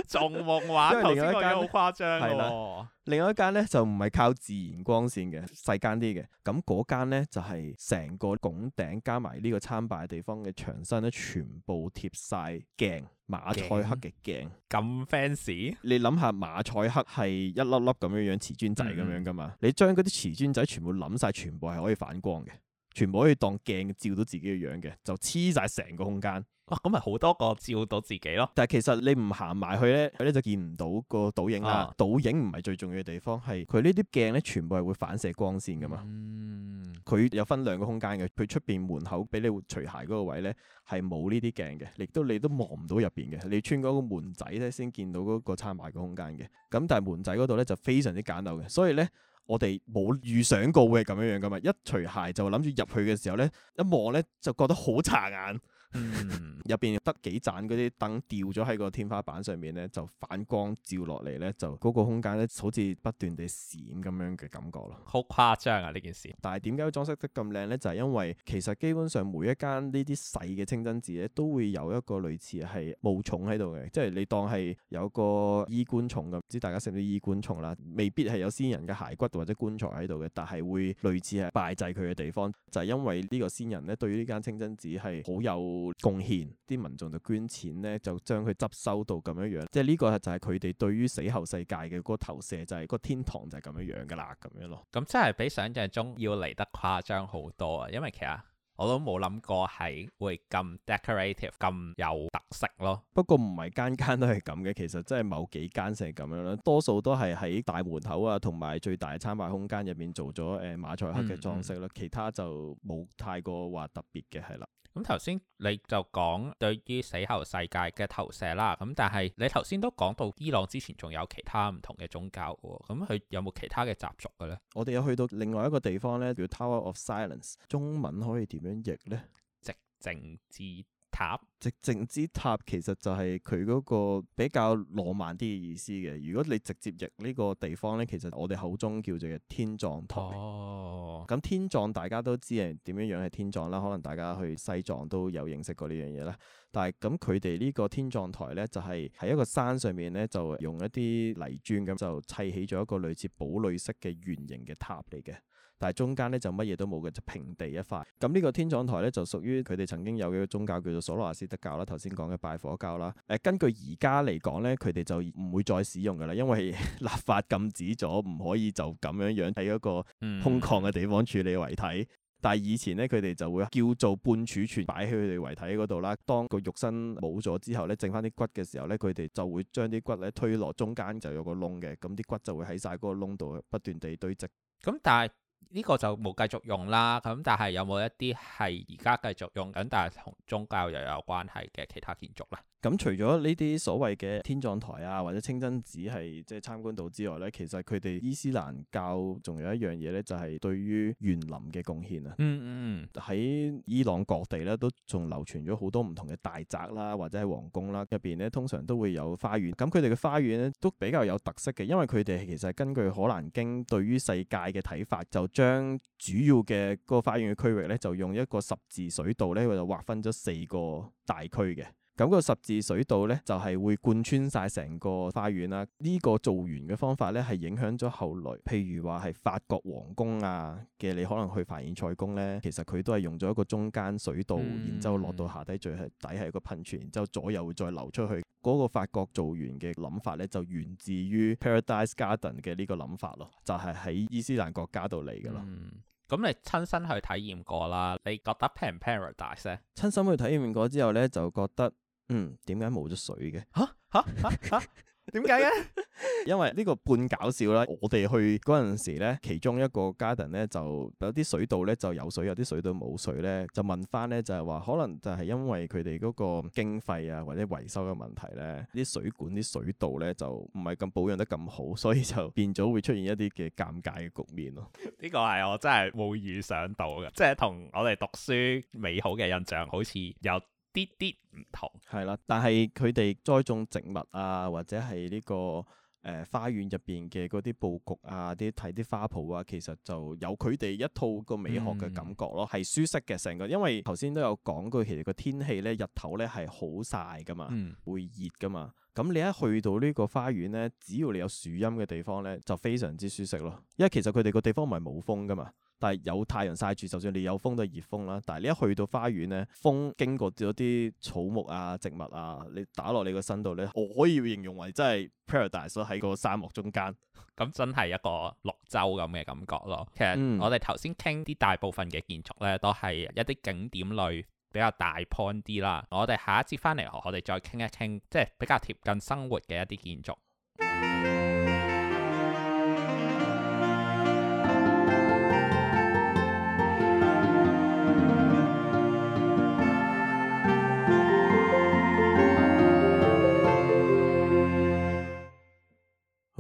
仲夢幻。頭先嗰間好誇張嘅。另外一間咧就唔係靠自然光線嘅，細間啲嘅。咁嗰間咧就係成個拱頂加埋呢個參拜地方嘅牆身咧全部貼晒鏡。馬賽克嘅鏡咁 fancy，你諗下馬賽克係一粒粒咁樣樣瓷磚仔咁樣噶嘛？嗯、你將嗰啲瓷磚仔全部諗晒，全部係可以反光嘅。全部可以當鏡照到自己嘅樣嘅，就黐晒成個空間。哇、啊，咁咪好多個照到自己咯。但係其實你唔行埋去咧，佢咧就見唔到個倒影啦。啊、倒影唔係最重要嘅地方，係佢呢啲鏡咧全部係會反射光線噶嘛。嗯。佢有分兩個空間嘅，佢出邊門口俾你除鞋嗰個位咧係冇呢啲鏡嘅，亦都你都望唔到入邊嘅。你穿嗰個門仔咧先見到嗰個參拜嘅空間嘅。咁但係門仔嗰度咧就非常之簡陋嘅，所以咧。我哋冇預想過會係咁樣樣噶嘛，一除鞋就諗住入去嘅時候呢，一望呢就覺得好殘眼。嗯，入邊得幾盞嗰啲燈吊咗喺個天花板上面咧，就反光照落嚟咧，就嗰個空間咧，好似不斷地閃咁樣嘅感覺咯。好誇張啊呢件事！但係點解佢裝飾得咁靚咧？就係因為其實基本上每一間呢啲細嘅清真寺咧，都會有一個類似係墓冢喺度嘅，即係你當係有個衣冠冢嘅。唔知大家識唔識衣冠冢啦？未必係有先人嘅骸骨或者棺材喺度嘅，但係會類似係拜祭佢嘅地方，就係因為呢個先人咧，對於呢間清真寺係好有貢獻，啲民眾就捐錢咧，就將佢執收到咁樣樣，即係呢個就係佢哋對於死後世界嘅個投射，就係、是、個天堂就係咁樣樣噶啦，咁樣咯。咁真係比想象中要嚟得誇張好多啊！因為其實我都冇諗過係會咁 decorative 咁有特色咯。不過唔係間間都係咁嘅，其實真係某幾間成咁樣啦。多數都係喺大門口啊，同埋最大嘅參拜空間入面做咗誒、呃、馬賽克嘅裝飾啦，嗯嗯。其他就冇太過話特別嘅係啦。咁頭先你就講對於死後世界嘅投射啦，咁但係你頭先都講到伊朗之前仲有其他唔同嘅宗教喎，咁佢有冇其他嘅習俗嘅呢？我哋又去到另外一個地方呢，叫 Tower of Silence，中文可以點樣譯呢？寂靜之塔，寂靜之塔其實就係佢嗰個比較浪漫啲嘅意思嘅。如果你直接譯呢個地方咧，其實我哋口中叫做天葬台。咁、哦、天葬大家都知係點樣樣嘅天葬啦，可能大家去西藏都有認識過呢樣嘢啦。但係咁佢哋呢個天葬台咧，就係喺一個山上面咧，就用一啲泥磚咁就砌起咗一個類似堡壘式嘅圓形嘅塔嚟嘅。但係中間咧就乜嘢都冇嘅，就平地一塊。咁呢個天葬台咧就屬於佢哋曾經有嘅宗教叫做瑣羅亞斯德教啦，頭先講嘅拜火教啦。誒、呃，根據而家嚟講咧，佢哋就唔會再使用㗎喇，因為立法禁止咗，唔可以就咁樣樣喺一個空曠嘅地方處理遺體。嗯、但係以前咧，佢哋就會叫做半儲存，擺喺佢哋遺體嗰度啦。當個肉身冇咗之後咧，剩翻啲骨嘅時候咧，佢哋就會將啲骨咧推落中間就有個窿嘅，咁啲骨就會喺晒嗰個窿度不斷地堆積。咁但係。呢個就冇繼續用啦，咁但係有冇一啲係而家繼續用緊，但係同宗教又有關係嘅其他建築咧？咁、嗯嗯、除咗呢啲所謂嘅天葬台啊，或者清真寺係即係參觀到之外咧，其實佢哋伊斯蘭教仲有一樣嘢咧，就係對於園林嘅貢獻啊。嗯嗯，喺伊朗各地咧都仲流傳咗好多唔同嘅大宅啦、啊，或者係皇宮啦、啊，入邊咧通常都會有花園。咁佢哋嘅花園咧都比較有特色嘅，因為佢哋其實根據可蘭經對於世界嘅睇法就，將主要嘅個花園嘅區域呢，就用一個十字水道呢，佢就劃分咗四個大區嘅。咁個十字水道咧，就係、是、會貫穿晒成個花園啦。呢、這個造園嘅方法咧，係影響咗後來，譬如話係法國皇宮啊嘅，你可能去凡爾賽宮咧，其實佢都係用咗一個中間水道，嗯、然之後落到下低，最係底係個噴泉，然之後左右會再流出去。嗰、嗯、個法國造園嘅諗法咧，就源自於 Paradise Garden 嘅呢個諗法咯，就係、是、喺伊斯蘭國家度嚟噶啦。嗯咁你親身去體驗過啦，你覺得 pan paradise 咧？親身去體驗過之後咧，就覺得嗯，點解冇咗水嘅？嚇嚇嚇嚇！啊啊 (laughs) 點解嘅？為 (laughs) 因為呢個半搞笑啦，我哋去嗰陣時咧，其中一個家 a r 咧就有啲水道咧就有水，有啲水道冇水咧，就問翻咧就係話，可能就係因為佢哋嗰個經費啊或者維修嘅問題咧，啲水管啲水道咧就唔係咁保養得咁好，所以就變咗會出現一啲嘅尷尬嘅局面咯。呢個係我真係冇預想到嘅，即係同我哋讀書美好嘅印象好似有。啲啲唔同，係啦，但係佢哋栽種植物啊，或者係呢、這個誒、呃、花園入邊嘅嗰啲佈局啊，啲睇啲花圃啊，其實就有佢哋一套個美學嘅感覺咯，係、嗯、舒適嘅成個，因為頭先都有講過，其實個天氣咧日頭咧係好晒噶嘛，嗯、會熱噶嘛，咁你一去到呢個花園咧，只要你有樹蔭嘅地方咧，就非常之舒適咯，因為其實佢哋個地方唔係冇風噶嘛。但係有太陽曬住，就算你有風都係熱風啦。但係你一去到花園咧，風經過咗啲草木啊、植物啊，你打落你個身度咧，我可以形容為真係 Paradise 喺個沙漠中間，咁真係一個綠洲咁嘅感覺咯。其實我哋頭先傾啲大部分嘅建築咧，都係一啲景點類比較大 point 啲啦。我哋下一節翻嚟，我哋再傾一傾，即係比較貼近生活嘅一啲建築。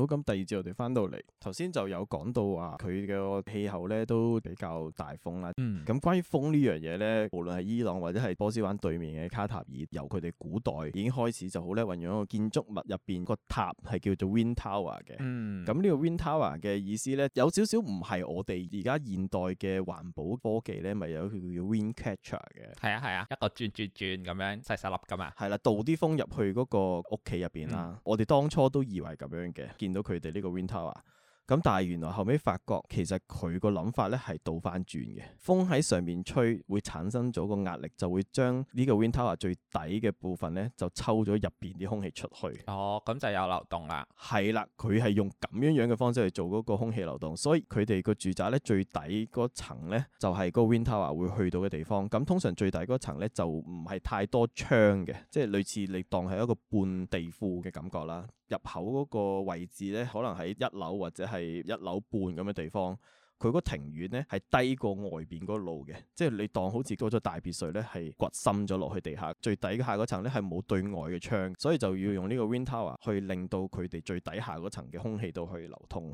好咁，第二節我哋翻到嚟，頭先就有講到話佢嘅氣候咧都比較大風啦。嗯，咁關於風呢樣嘢咧，無論係伊朗或者係波斯灣對面嘅卡塔爾，由佢哋古代已經開始就好咧運用一個建築物入邊個塔係叫做 wind tower 嘅。嗯，咁呢個 wind tower 嘅意思咧，有少少唔係我哋而家現代嘅環保科技咧，咪有叫叫 wind catcher 嘅。係啊，係啊，一個轉轉轉咁樣細細粒咁啊，係啦，導啲風入去嗰個屋企入邊啦。我哋當初都以為咁樣嘅，見到。佢哋呢個 Wind Tower 啊，咁但係原來後尾發覺，其實佢個諗法咧，係倒翻轉嘅。風喺上面吹會產生咗個壓力，就會將呢個 Wind Tower 最底嘅部分咧就抽咗入邊啲空氣出去。哦，咁就有流動啦。係啦，佢係用咁樣樣嘅方式去做嗰個空氣流動，所以佢哋個住宅咧最底嗰層咧就係、是、個 Wind Tower 會去到嘅地方。咁通常最底嗰層咧就唔係太多窗嘅，即係類似你當係一個半地庫嘅感覺啦。入口嗰個位置咧，可能喺一樓或者係一樓半咁嘅地方。佢嗰個庭院咧係低過外邊嗰路嘅，即係你當好似嗰座大別墅咧係掘深咗落去地下，最底下嗰層咧係冇對外嘅窗，所以就要用呢個 wind tower 去令到佢哋最底下嗰層嘅空氣都去流通。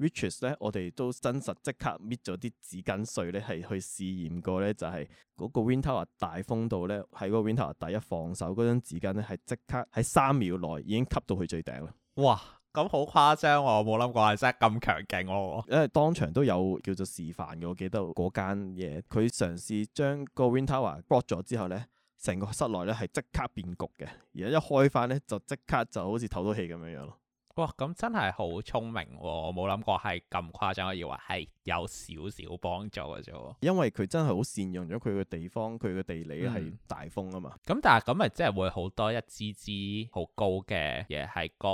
Rich 咧，我哋都真實即刻搣咗啲紙巾碎咧，係去試驗過咧，就係、是、嗰個 wind tower 大風度咧，喺個 wind tower 第一放手嗰張紙巾咧，係即刻喺三秒內已經吸到佢最頂啦。哇！咁好誇張喎、啊，冇諗過係真係咁強勁喎、啊。因為當場都有叫做示範嘅，我記得嗰間嘢，佢嘗試將個 wind tower block 咗之後咧，成個室內咧係即刻變焗嘅，而家一開翻咧就即刻就好似透到氣咁樣樣咯。哇，咁真係好聰明喎、哦！我冇諗過，係咁誇張可以話，係。有少少幫助嘅啫，因為佢真係好善用咗佢嘅地方，佢嘅地理係大風啊嘛。咁、嗯嗯、但係咁咪即係會好多一支支好高嘅嘢係個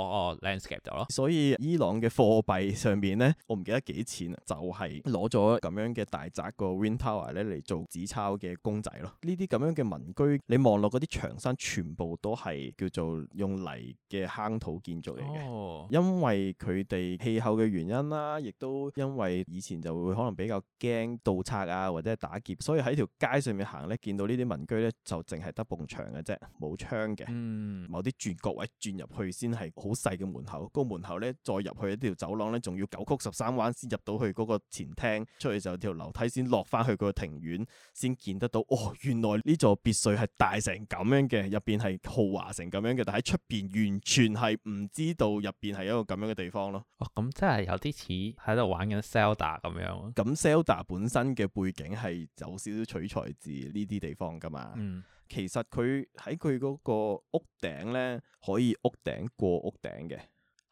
landscape 度咯。所以伊朗嘅貨幣上面咧，我唔記得幾錢，就係攞咗咁樣嘅大宅個 wind tower 咧嚟做紙鈔嘅公仔咯。呢啲咁樣嘅民居，你望落嗰啲牆身，全部都係叫做用泥嘅坑土建築嚟嘅，哦、因為佢哋氣候嘅原因啦，亦都因為以前。就會可能比較驚盜竊啊，或者打劫，所以喺條街上面行咧，見到呢啲民居咧就淨係得埲牆嘅啫，冇窗嘅。嗯，某啲轉角位轉入去先係好細嘅門口，個門口咧再入去一條走廊咧，仲要九曲十三彎先入到去嗰個前廳，出去就有條樓梯先落翻去個庭院，先見得到。哦，原來呢座別墅係大成咁樣嘅，入邊係豪華成咁樣嘅，但喺出邊完全係唔知道入邊係一個咁樣嘅地方咯。哦，咁真係有啲似喺度玩緊 Zelda 咁。咁 Selda 本身嘅背景係走少少取材自呢啲地方噶嘛。嗯、其實佢喺佢嗰個屋頂咧，可以屋頂過屋頂嘅，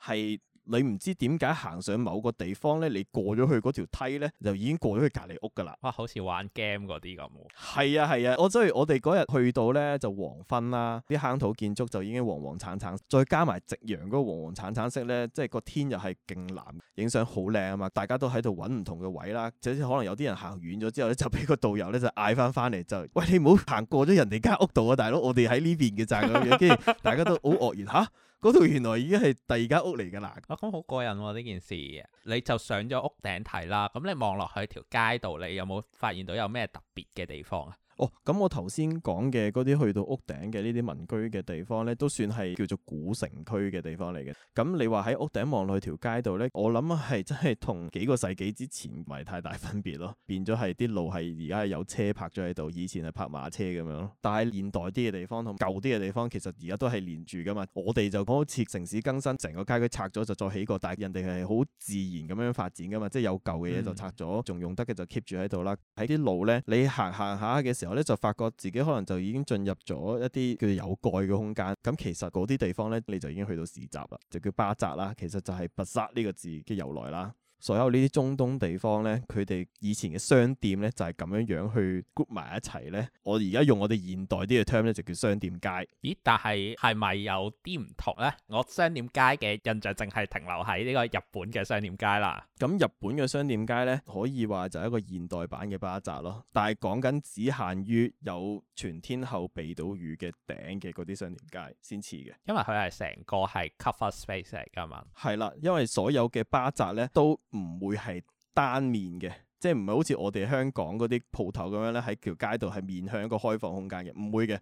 係。你唔知點解行上某個地方咧，你過咗去嗰條梯咧，就已經過咗去隔籬屋㗎啦。哇，好似玩 game 嗰啲咁。係啊係啊，啊所以我真係我哋嗰日去到咧就黃昏啦，啲坑土建築就已經黃黃橙橙，再加埋夕陽嗰個黃黃橙橙色咧，即係個天又係勁藍，影相好靚啊嘛！大家都喺度揾唔同嘅位啦，甚至可能有啲人行遠咗之後咧，就俾個導遊咧就嗌翻翻嚟就，喂，你唔好行過咗人哋間屋度啊，大佬，我哋喺呢邊嘅咋咁樣，跟住 (laughs) 大家都好愕然吓。啊嗰度原來已經係第二間屋嚟㗎啦！啊，咁好過癮喎，呢件事，你就上咗屋頂睇啦。咁你望落去條街度，你有冇發現到有咩特別嘅地方啊？哦，咁、嗯、我頭先講嘅嗰啲去到屋頂嘅呢啲民居嘅地方咧，都算係叫做古城區嘅地方嚟嘅。咁、嗯、你話喺屋頂望落去條街度咧，我諗啊係真係同幾個世紀之前唔係太大分別咯，變咗係啲路係而家係有車泊咗喺度，以前係泊馬車咁樣咯。但係現代啲嘅地方同舊啲嘅地方，其實而家都係連住噶嘛。我哋就講好似城市更新，成個街區拆咗就再起過，但係人哋係好自然咁樣發展噶嘛，即係有舊嘅嘢就拆咗，仲用得嘅就 keep 住喺度啦。喺啲、嗯、路咧，你行行下嘅。然後咧就發覺自己可能就已經進入咗一啲叫做有蓋嘅空間，咁其實嗰啲地方咧你就已經去到市集啦，就叫巴扎啦，其實就係 Bazaar 呢個字嘅由來啦。所有呢啲中東地方咧，佢哋以前嘅商店咧就係咁樣樣去 group 埋一齊咧。我而家用我哋現代啲嘅 term 咧就叫商店街。咦？但係係咪有啲唔同咧？我商店街嘅印象淨係停留喺呢個日本嘅商店街啦。咁、嗯、日本嘅商店街咧可以話就係一個現代版嘅巴扎咯。但係講緊只限於有全天候避到雨嘅頂嘅嗰啲商店街先似嘅。因為佢係成個係 cover space 嚟噶嘛。係啦，因為所有嘅巴扎咧都，唔會係單面嘅，即係唔係好似我哋香港嗰啲鋪頭咁樣咧，喺條街度係面向一個開放空間嘅，唔會嘅。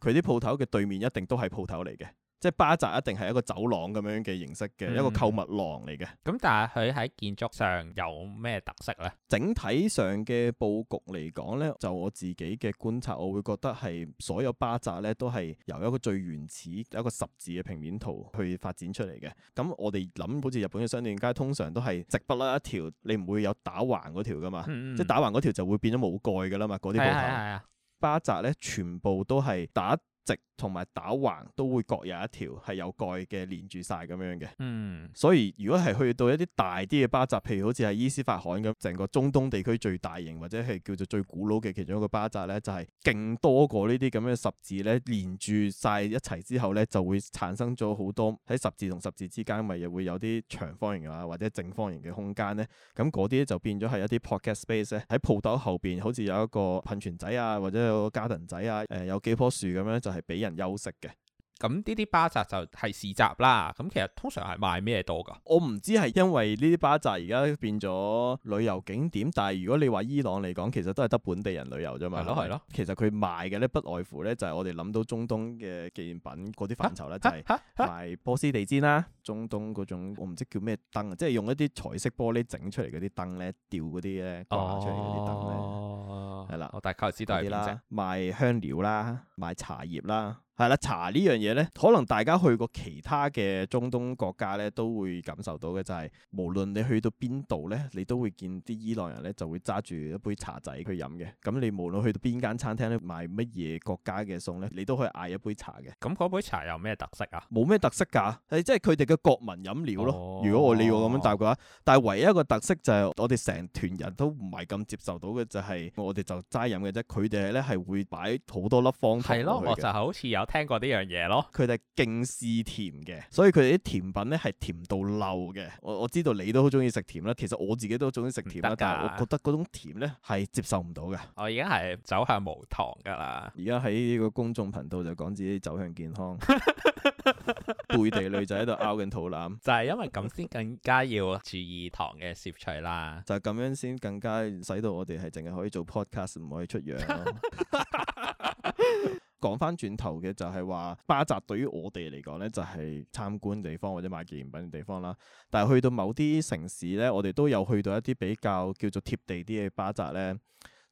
佢啲鋪頭嘅對面一定都係鋪頭嚟嘅。即係巴扎一定係一個走廊咁樣嘅形式嘅、嗯、一個購物廊嚟嘅。咁但係佢喺建築上有咩特色咧？整體上嘅佈局嚟講咧，就我自己嘅觀察，我會覺得係所有巴扎咧都係由一個最原始一個十字嘅平面圖去發展出嚟嘅。咁我哋諗好似日本嘅商店街，通常都係直不甩一條，你唔會有打橫嗰條噶嘛。嗯嗯，即係打橫嗰條就會變咗冇蓋噶啦嘛。嗰啲、嗯嗯、巴扎咧，全部都係打直。同埋打橫都會各有一條係有蓋嘅連住晒咁樣嘅，嗯，所以如果係去到一啲大啲嘅巴扎，譬如好似係伊斯法罕咁，成個中東地區最大型或者係叫做最古老嘅其中一個巴扎咧，就係、是、勁多個呢啲咁嘅十字咧連住晒一齊之後咧，就會產生咗好多喺十字同十字之間咪又會有啲長方形啊或者正方形嘅空間咧，咁嗰啲咧就變咗係一啲 pocket space 咧，喺鋪頭後邊好似有一個噴泉仔啊或者有個加藤仔啊，誒、呃、有幾棵樹咁樣就係、是、俾人。休息嘅。咁呢啲巴扎就係市集啦。咁、嗯、其實通常係賣咩多噶？我唔知係因為呢啲巴扎而家變咗旅遊景點，但係如果你話伊朗嚟講，其實都係得本地人旅遊啫嘛。係咯係咯。其實佢賣嘅咧不外乎咧就係我哋諗到中東嘅紀念品嗰啲範疇咧，就係賣波斯地氈啦、中東嗰種我唔知叫咩燈，即係用一啲彩色玻璃整出嚟嗰啲燈咧，吊嗰啲咧，掛出嚟嗰啲燈咧，係、哦、啦。我大概知道係啲咩。賣香料啦，賣茶葉啦。係啦，茶呢樣嘢咧，可能大家去過其他嘅中東國家咧，都會感受到嘅就係、是，無論你去到邊度咧，你都會見啲伊朗人咧就會揸住一杯茶仔去飲嘅。咁你無論去到邊間餐廳咧賣乜嘢國家嘅餸咧，你都可以嗌一杯茶嘅。咁嗰杯茶有咩特色啊？冇咩特色㗎，即係佢哋嘅國民飲料咯。哦、如果我你要咁樣答嘅話，但係唯一一個特色就係我哋成團人都唔係咁接受到嘅就係、是，我哋就齋飲嘅啫。佢哋咧係會擺好多粒方糖落去嘅。係咯，就好似有聽過呢樣嘢咯，佢哋勁嗜甜嘅，所以佢哋啲甜品咧係甜到漏嘅。我我知道你都好中意食甜啦，其實我自己都中意食甜啦，但係我覺得嗰種甜咧係接受唔到嘅。我而家係走向無糖㗎啦，而家喺呢個公眾頻道就講自己走向健康， (laughs) (laughs) 背地裏就喺度拗緊肚腩， (laughs) 就係因為咁先更加要注意糖嘅攝取啦。 (laughs) 就係咁樣先更加使到我哋係淨係可以做 podcast 唔可以出樣咯。 (laughs) 講翻轉頭嘅就係話巴扎對於我哋嚟講咧，就係參觀地方或者買紀念品嘅地方啦。但係去到某啲城市咧，我哋都有去到一啲比較叫做貼地啲嘅巴扎咧，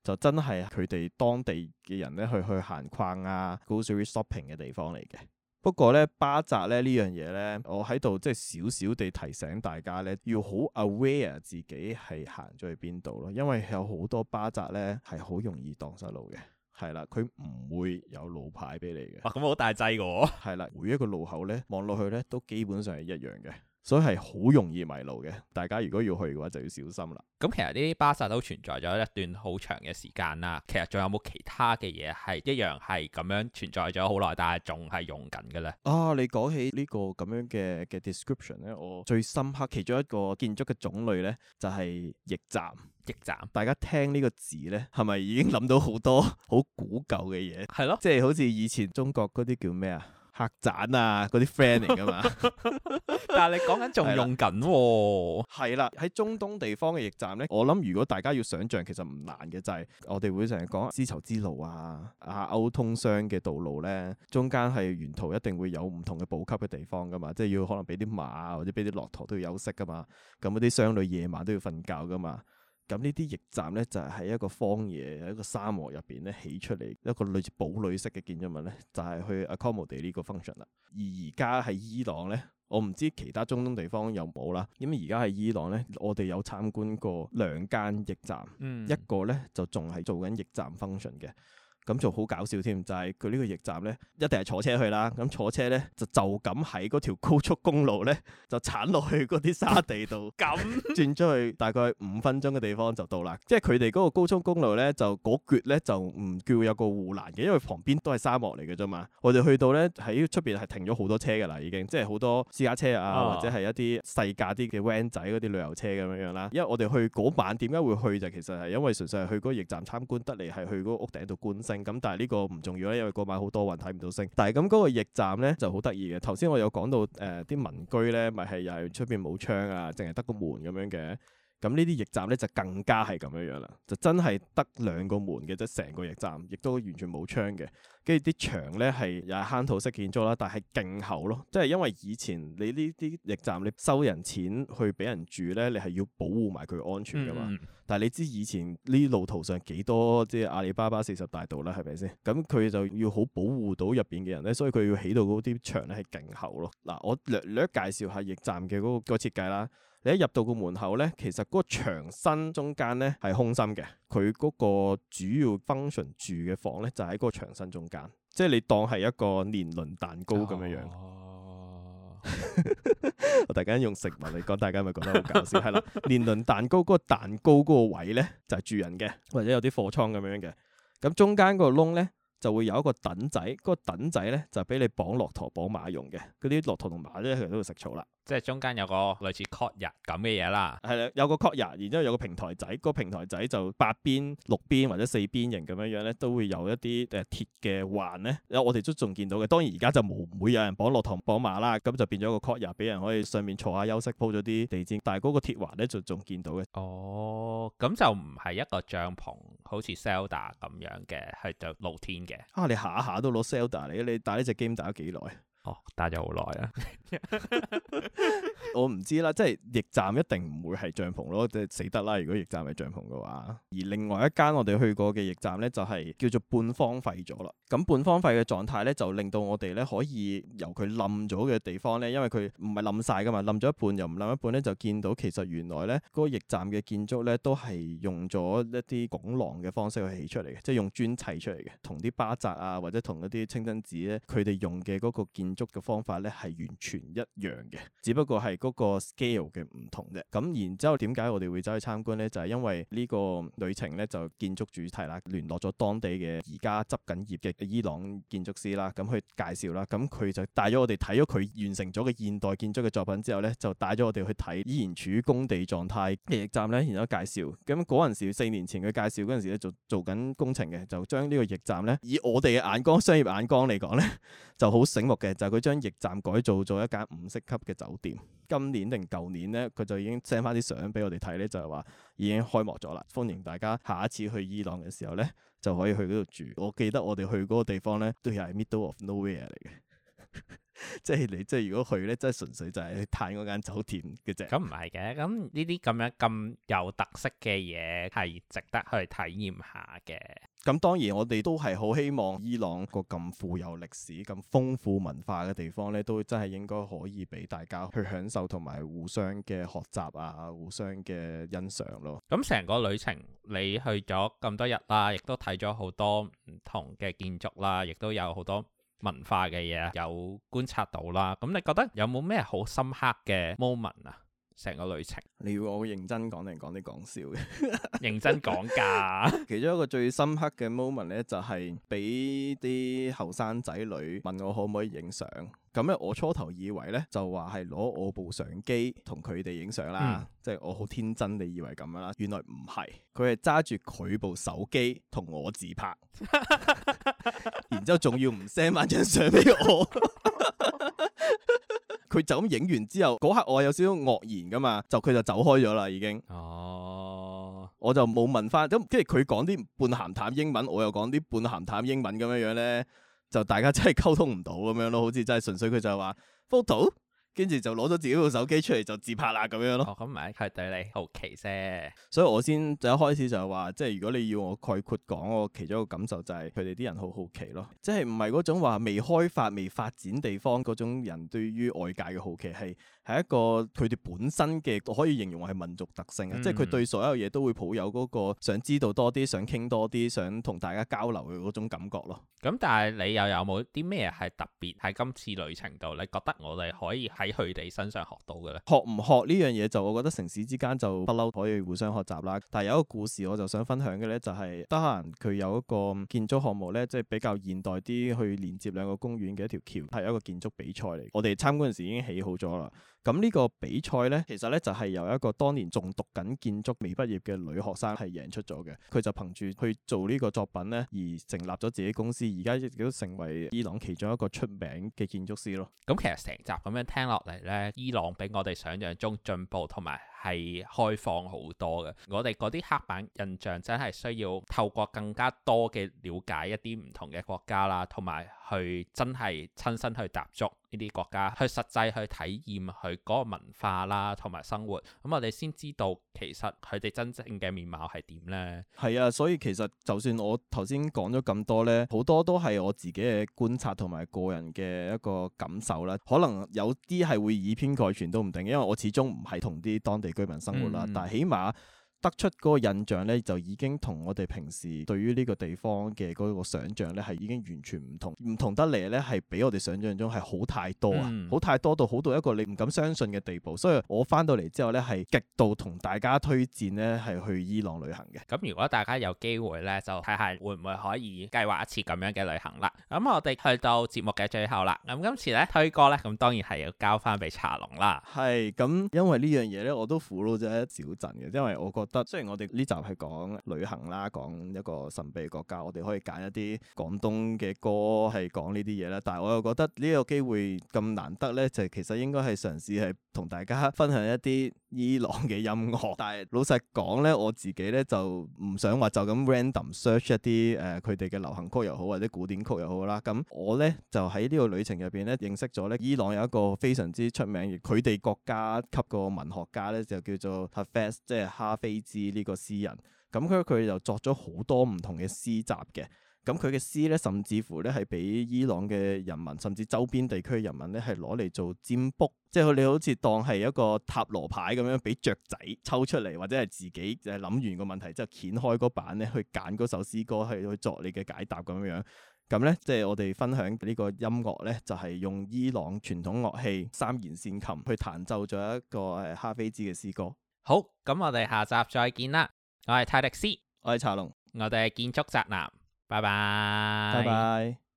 就真係佢哋當地嘅人咧去去行逛啊、grocery shopping 嘅地方嚟嘅。不過咧，巴扎咧呢樣嘢咧，我喺度即係少少地提醒大家咧，要好 aware 自己係行咗去邊度咯，因為有好多巴扎咧係好容易蕩失路嘅。係啦，佢唔會有路牌俾你嘅。哇、啊，咁好大劑嘅喎！係 (laughs) 啦，每一個路口咧，望落去咧，都基本上係一樣嘅。所以係好容易迷路嘅，大家如果要去嘅話就要小心啦。咁其實呢啲巴剎都存在咗一段好長嘅時間啦。其實仲有冇其他嘅嘢係一樣係咁樣存在咗好耐，但係仲係用緊嘅咧？啊，你講起呢個咁樣嘅嘅 description 咧，我最深刻其中一個建築嘅種類咧就係驛站。驛站，大家聽呢個字咧，係咪已經諗到好多好古舊嘅嘢？係咯，即係好似以前中國嗰啲叫咩啊？客棧啊，嗰啲 friend 嚟噶嘛，但係你講緊仲用緊喎。係啦， (laughs) 喺中東地方嘅驛站咧，我諗如果大家要想象，其實唔難嘅就係我哋會成日講絲綢之路啊，亞歐通商嘅道路咧，中間係沿途一定會有唔同嘅補給嘅地方噶嘛，即係要可能俾啲馬或者俾啲駱駝都要休息噶嘛，咁嗰啲商旅夜晚都要瞓覺噶嘛。咁呢啲驛站咧就係、是、喺一個荒野、喺一個沙漠入邊咧起出嚟，一個類似堡壘式嘅建築物咧，就係、是、去 accommodate 呢個 function 啦。而而家喺伊朗咧，我唔知其他中東地方有冇啦。因為而家喺伊朗咧，我哋有參觀過兩間驛站，嗯、一個咧就仲係做緊驛站 function 嘅。咁就好搞笑添，就係、是、佢呢個驛站咧，一定係坐車去啦。咁坐車咧就就咁喺嗰條高速公路咧，就鏟落去嗰啲沙地度，咁轉咗去大概五分鐘嘅地方就到啦。即係佢哋嗰個高速公路咧，就嗰橛咧就唔叫有個護欄嘅，因為旁邊都係沙漠嚟嘅啫嘛。我哋去到咧喺出邊係停咗好多車噶啦，已經即係好多私家車啊，啊或者係一啲細架啲嘅 van 仔嗰啲旅遊車咁樣樣、啊、啦。因為我哋去嗰晚點解會去就其實係因為純粹係去嗰驛站參觀得，得嚟係去嗰屋頂度觀星。咁但係呢個唔重要啦，因為嗰晚好多雲睇唔到星。但係咁嗰個驛站咧就好得意嘅，頭先我有講到誒啲、呃、民居咧咪係又係出邊冇窗啊，淨係得個門咁樣嘅。咁呢啲驛站咧就更加係咁樣樣啦，就真係得兩個門嘅啫，成個驛站亦都完全冇窗嘅。跟住啲牆咧係又係坑土式建築啦，但係勁厚咯，即係因為以前你呢啲驛站你收人錢去俾人住咧，你係要保護埋佢安全噶嘛。嗯、但係你知以前呢路途上幾多即係阿里巴巴四十大道啦，係咪先？咁佢就要好保護到入邊嘅人咧，所以佢要起到嗰啲牆咧係勁厚咯。嗱、啊，我略略介紹下驛站嘅嗰、嗰個、嗰個設計啦。你一入到個門口咧，其實嗰個牆身中間咧係空心嘅，佢嗰個主要 function 住嘅房咧就喺嗰個牆身中間，即係你當係一個年輪蛋糕咁樣樣。我突然間用食物嚟講，大家係咪覺得好搞笑係啦。年輪蛋糕嗰個蛋糕嗰個位咧就係住人嘅，或者有啲貨倉咁樣嘅。咁中間嗰個窿咧就會有一個凳仔，嗰個凳仔咧就俾你綁駱駝綁馬用嘅，嗰啲駱駝同馬咧佢都會食草啦。即係中間有個類似 courtyard 咁嘅嘢啦，係啦，有個 courtyard，然之後有個平台仔，個平台仔就八邊、六邊或者四邊形咁樣樣咧，都會有一啲誒鐵嘅環咧，有、呃、我哋都仲見到嘅。當然而家就冇，唔會有人綁駱駝綁馬啦，咁就變咗個 courtyard 俾人可以上面坐下休息，鋪咗啲地氈。但係嗰個鐵環咧就仲見到嘅。哦，咁就唔係一個帳篷，好似 Selda 咁樣嘅，係就露天嘅。啊，你下下都攞 Selda 嚟？你打呢隻 game 打咗幾耐？哦，打咗好耐啊！我唔知啦，即係驛站一定唔會係帳篷咯，即係死得啦。如果驛站係帳篷嘅話，而另外一間我哋去過嘅驛站呢，就係、是、叫做半荒廢咗啦。咁半荒廢嘅狀態呢，就令到我哋呢可以由佢冧咗嘅地方呢，因為佢唔係冧晒噶嘛，冧咗一半又唔冧一半呢，就見到其實原來呢嗰、那個驛站嘅建築呢，都係用咗一啲拱廊嘅方式去起出嚟嘅，即係用磚砌出嚟嘅，同啲巴扎啊或者同一啲清真寺呢，佢哋用嘅嗰個建築嘅方法呢，係完全一樣嘅，只不過係，係嗰個 scale 嘅唔同嘅。咁然之後點解我哋會走去參觀咧？就係、是、因為呢個旅程咧就建築主題啦，聯絡咗當地嘅而家執緊業嘅伊朗建築師啦，咁去介紹啦，咁佢就帶咗我哋睇咗佢完成咗嘅現代建築嘅作品之後咧，就帶咗我哋去睇依然處於工地狀態嘅驛站咧。然後介紹咁嗰陣時，四年前佢介紹嗰陣時咧做做緊工程嘅，就將呢個驛站咧以我哋嘅眼光、商業眼光嚟講咧就好醒目嘅，就係佢將驛站改造咗一間五星級嘅酒店。今年定舊年咧，佢就已經 send 翻啲相俾我哋睇咧，就係話已經開幕咗啦，歡迎大家下一次去伊朗嘅時候咧，就可以去嗰度住。我記得我哋去嗰個地方咧，都係 middle of nowhere 嚟嘅， (laughs) 即係你即係如果去咧，即係純粹就係去探嗰間酒店嘅啫。咁唔係嘅，咁呢啲咁樣咁有特色嘅嘢係值得去體驗下嘅。咁當然我哋都係好希望伊朗個咁富有歷史、咁豐富文化嘅地方咧，都真係應該可以俾大家去享受同埋互相嘅學習啊，互相嘅欣賞咯。咁成個旅程你去咗咁多日啦，亦都睇咗好多唔同嘅建築啦，亦都有好多文化嘅嘢有觀察到啦。咁你覺得有冇咩好深刻嘅 moment 啊？成個旅程，你要我認真講定講啲講笑嘅？ (laughs) 認真講㗎。 (laughs) 其中一個最深刻嘅 moment 咧，就係俾啲後生仔女問我可唔可以影相。咁咧，我初頭以為咧就話係攞我部相機同佢哋影相啦，即係、嗯、我好天真，你以為咁樣啦。原來唔係，佢係揸住佢部手機同我自拍， (laughs) (laughs) 然之後仲要唔 send 返張相俾我。 (laughs) 佢就咁影完之後，嗰刻我有少少愕然噶嘛，就佢就走開咗啦，已經。哦，我就冇問翻咁，跟住佢講啲半鹹淡英文，我又講啲半鹹淡英文咁樣樣咧，就大家真係溝通唔到咁樣咯，好似真係純粹佢就係話 photo。跟住就攞咗自己部手機出嚟就自拍啦咁樣咯。哦，咁咪係對你好奇啫。所以我先就一開始就係話，即係如果你要我概括講，我其中一個感受就係佢哋啲人好好奇咯。即係唔係嗰種話未開發、未發展地方嗰種人對於外界嘅好奇係。係一個佢哋本身嘅可以形容係民族特性嘅，嗯、即係佢對所有嘢都會抱有嗰個想知道多啲、想傾多啲、想同大家交流嘅嗰種感覺咯。咁、嗯、但係你又有冇啲咩係特別喺今次旅程度，你覺得我哋可以喺佢哋身上學到嘅咧？學唔學呢樣嘢就我覺得城市之間就不嬲可以互相學習啦。但係有一個故事我就想分享嘅咧，就係德黑蘭佢有一個建築項目咧，即係比較現代啲去連接兩個公園嘅一條橋，係一個建築比賽嚟。我哋參觀嗰陣時已經起好咗啦。嗯咁呢個比賽咧，其實咧就係由一個當年仲讀緊建築未畢業嘅女學生係贏出咗嘅。佢就憑住去做呢個作品咧，而成立咗自己公司，而家亦都成為伊朗其中一個出名嘅建築師咯。咁其實成集咁樣聽落嚟咧，伊朗比我哋想象中進步同埋係開放好多嘅。我哋嗰啲黑板印象真係需要透過更加多嘅了解一啲唔同嘅國家啦，同埋。去真係親身去踏足呢啲國家，去實際去體驗佢嗰個文化啦，同埋生活，咁我哋先知道其實佢哋真正嘅面貌係點呢？係啊，所以其實就算我頭先講咗咁多呢，好多都係我自己嘅觀察同埋個人嘅一個感受啦。可能有啲係會以偏概全都唔定，因為我始終唔係同啲當地居民生活啦，嗯、但係起碼。得出嗰個印象咧，就已經同我哋平時對於呢個地方嘅嗰個想像咧，係已經完全唔同，唔同得嚟咧，係比我哋想象中係好太多啊，嗯、好太多到好到一個你唔敢相信嘅地步。所以我翻到嚟之後咧，係極度同大家推薦咧，係去伊朗旅行嘅。咁如果大家有機會咧，就睇下會唔會可以計劃一次咁樣嘅旅行啦。咁我哋去到節目嘅最後啦，咁今次咧推歌咧，咁當然係要交翻俾茶龍啦。係，咁因為呢樣嘢咧，我都苦惱咗一小陣嘅，因為我覺得。得，但雖然我哋呢集係講旅行啦，講一個神秘嘅國家，我哋可以揀一啲廣東嘅歌係講呢啲嘢啦。但係我又覺得呢個機會咁難得呢，就其實應該係嘗試係同大家分享一啲伊朗嘅音樂。但係老實講呢，我自己呢就唔想話就咁 random search 一啲誒佢哋嘅流行曲又好，或者古典曲又好啦。咁我呢就喺呢個旅程入邊呢認識咗呢，伊朗有一個非常之出名嘅佢哋國家級個文學家呢，就叫做 Hafez，即係哈菲。知呢個詩人，咁佢佢就作咗好多唔同嘅詩集嘅，咁佢嘅詩咧，甚至乎咧係俾伊朗嘅人民，甚至周邊地區人民咧，係攞嚟做占卜，即係你好似當係一個塔羅牌咁樣，俾雀仔抽出嚟，或者係自己就誒諗完個問題之後，掀開嗰板咧去揀嗰首詩歌去去作你嘅解答咁樣。咁、嗯、咧，即係我哋分享呢個音樂咧，就係、是、用伊朗傳統樂器三弦線琴去彈奏咗一個誒哈菲茲嘅詩歌。好，咁我哋下集再見啦！我係泰迪斯，我係茶龍，我哋係建築宅男，拜拜，拜拜。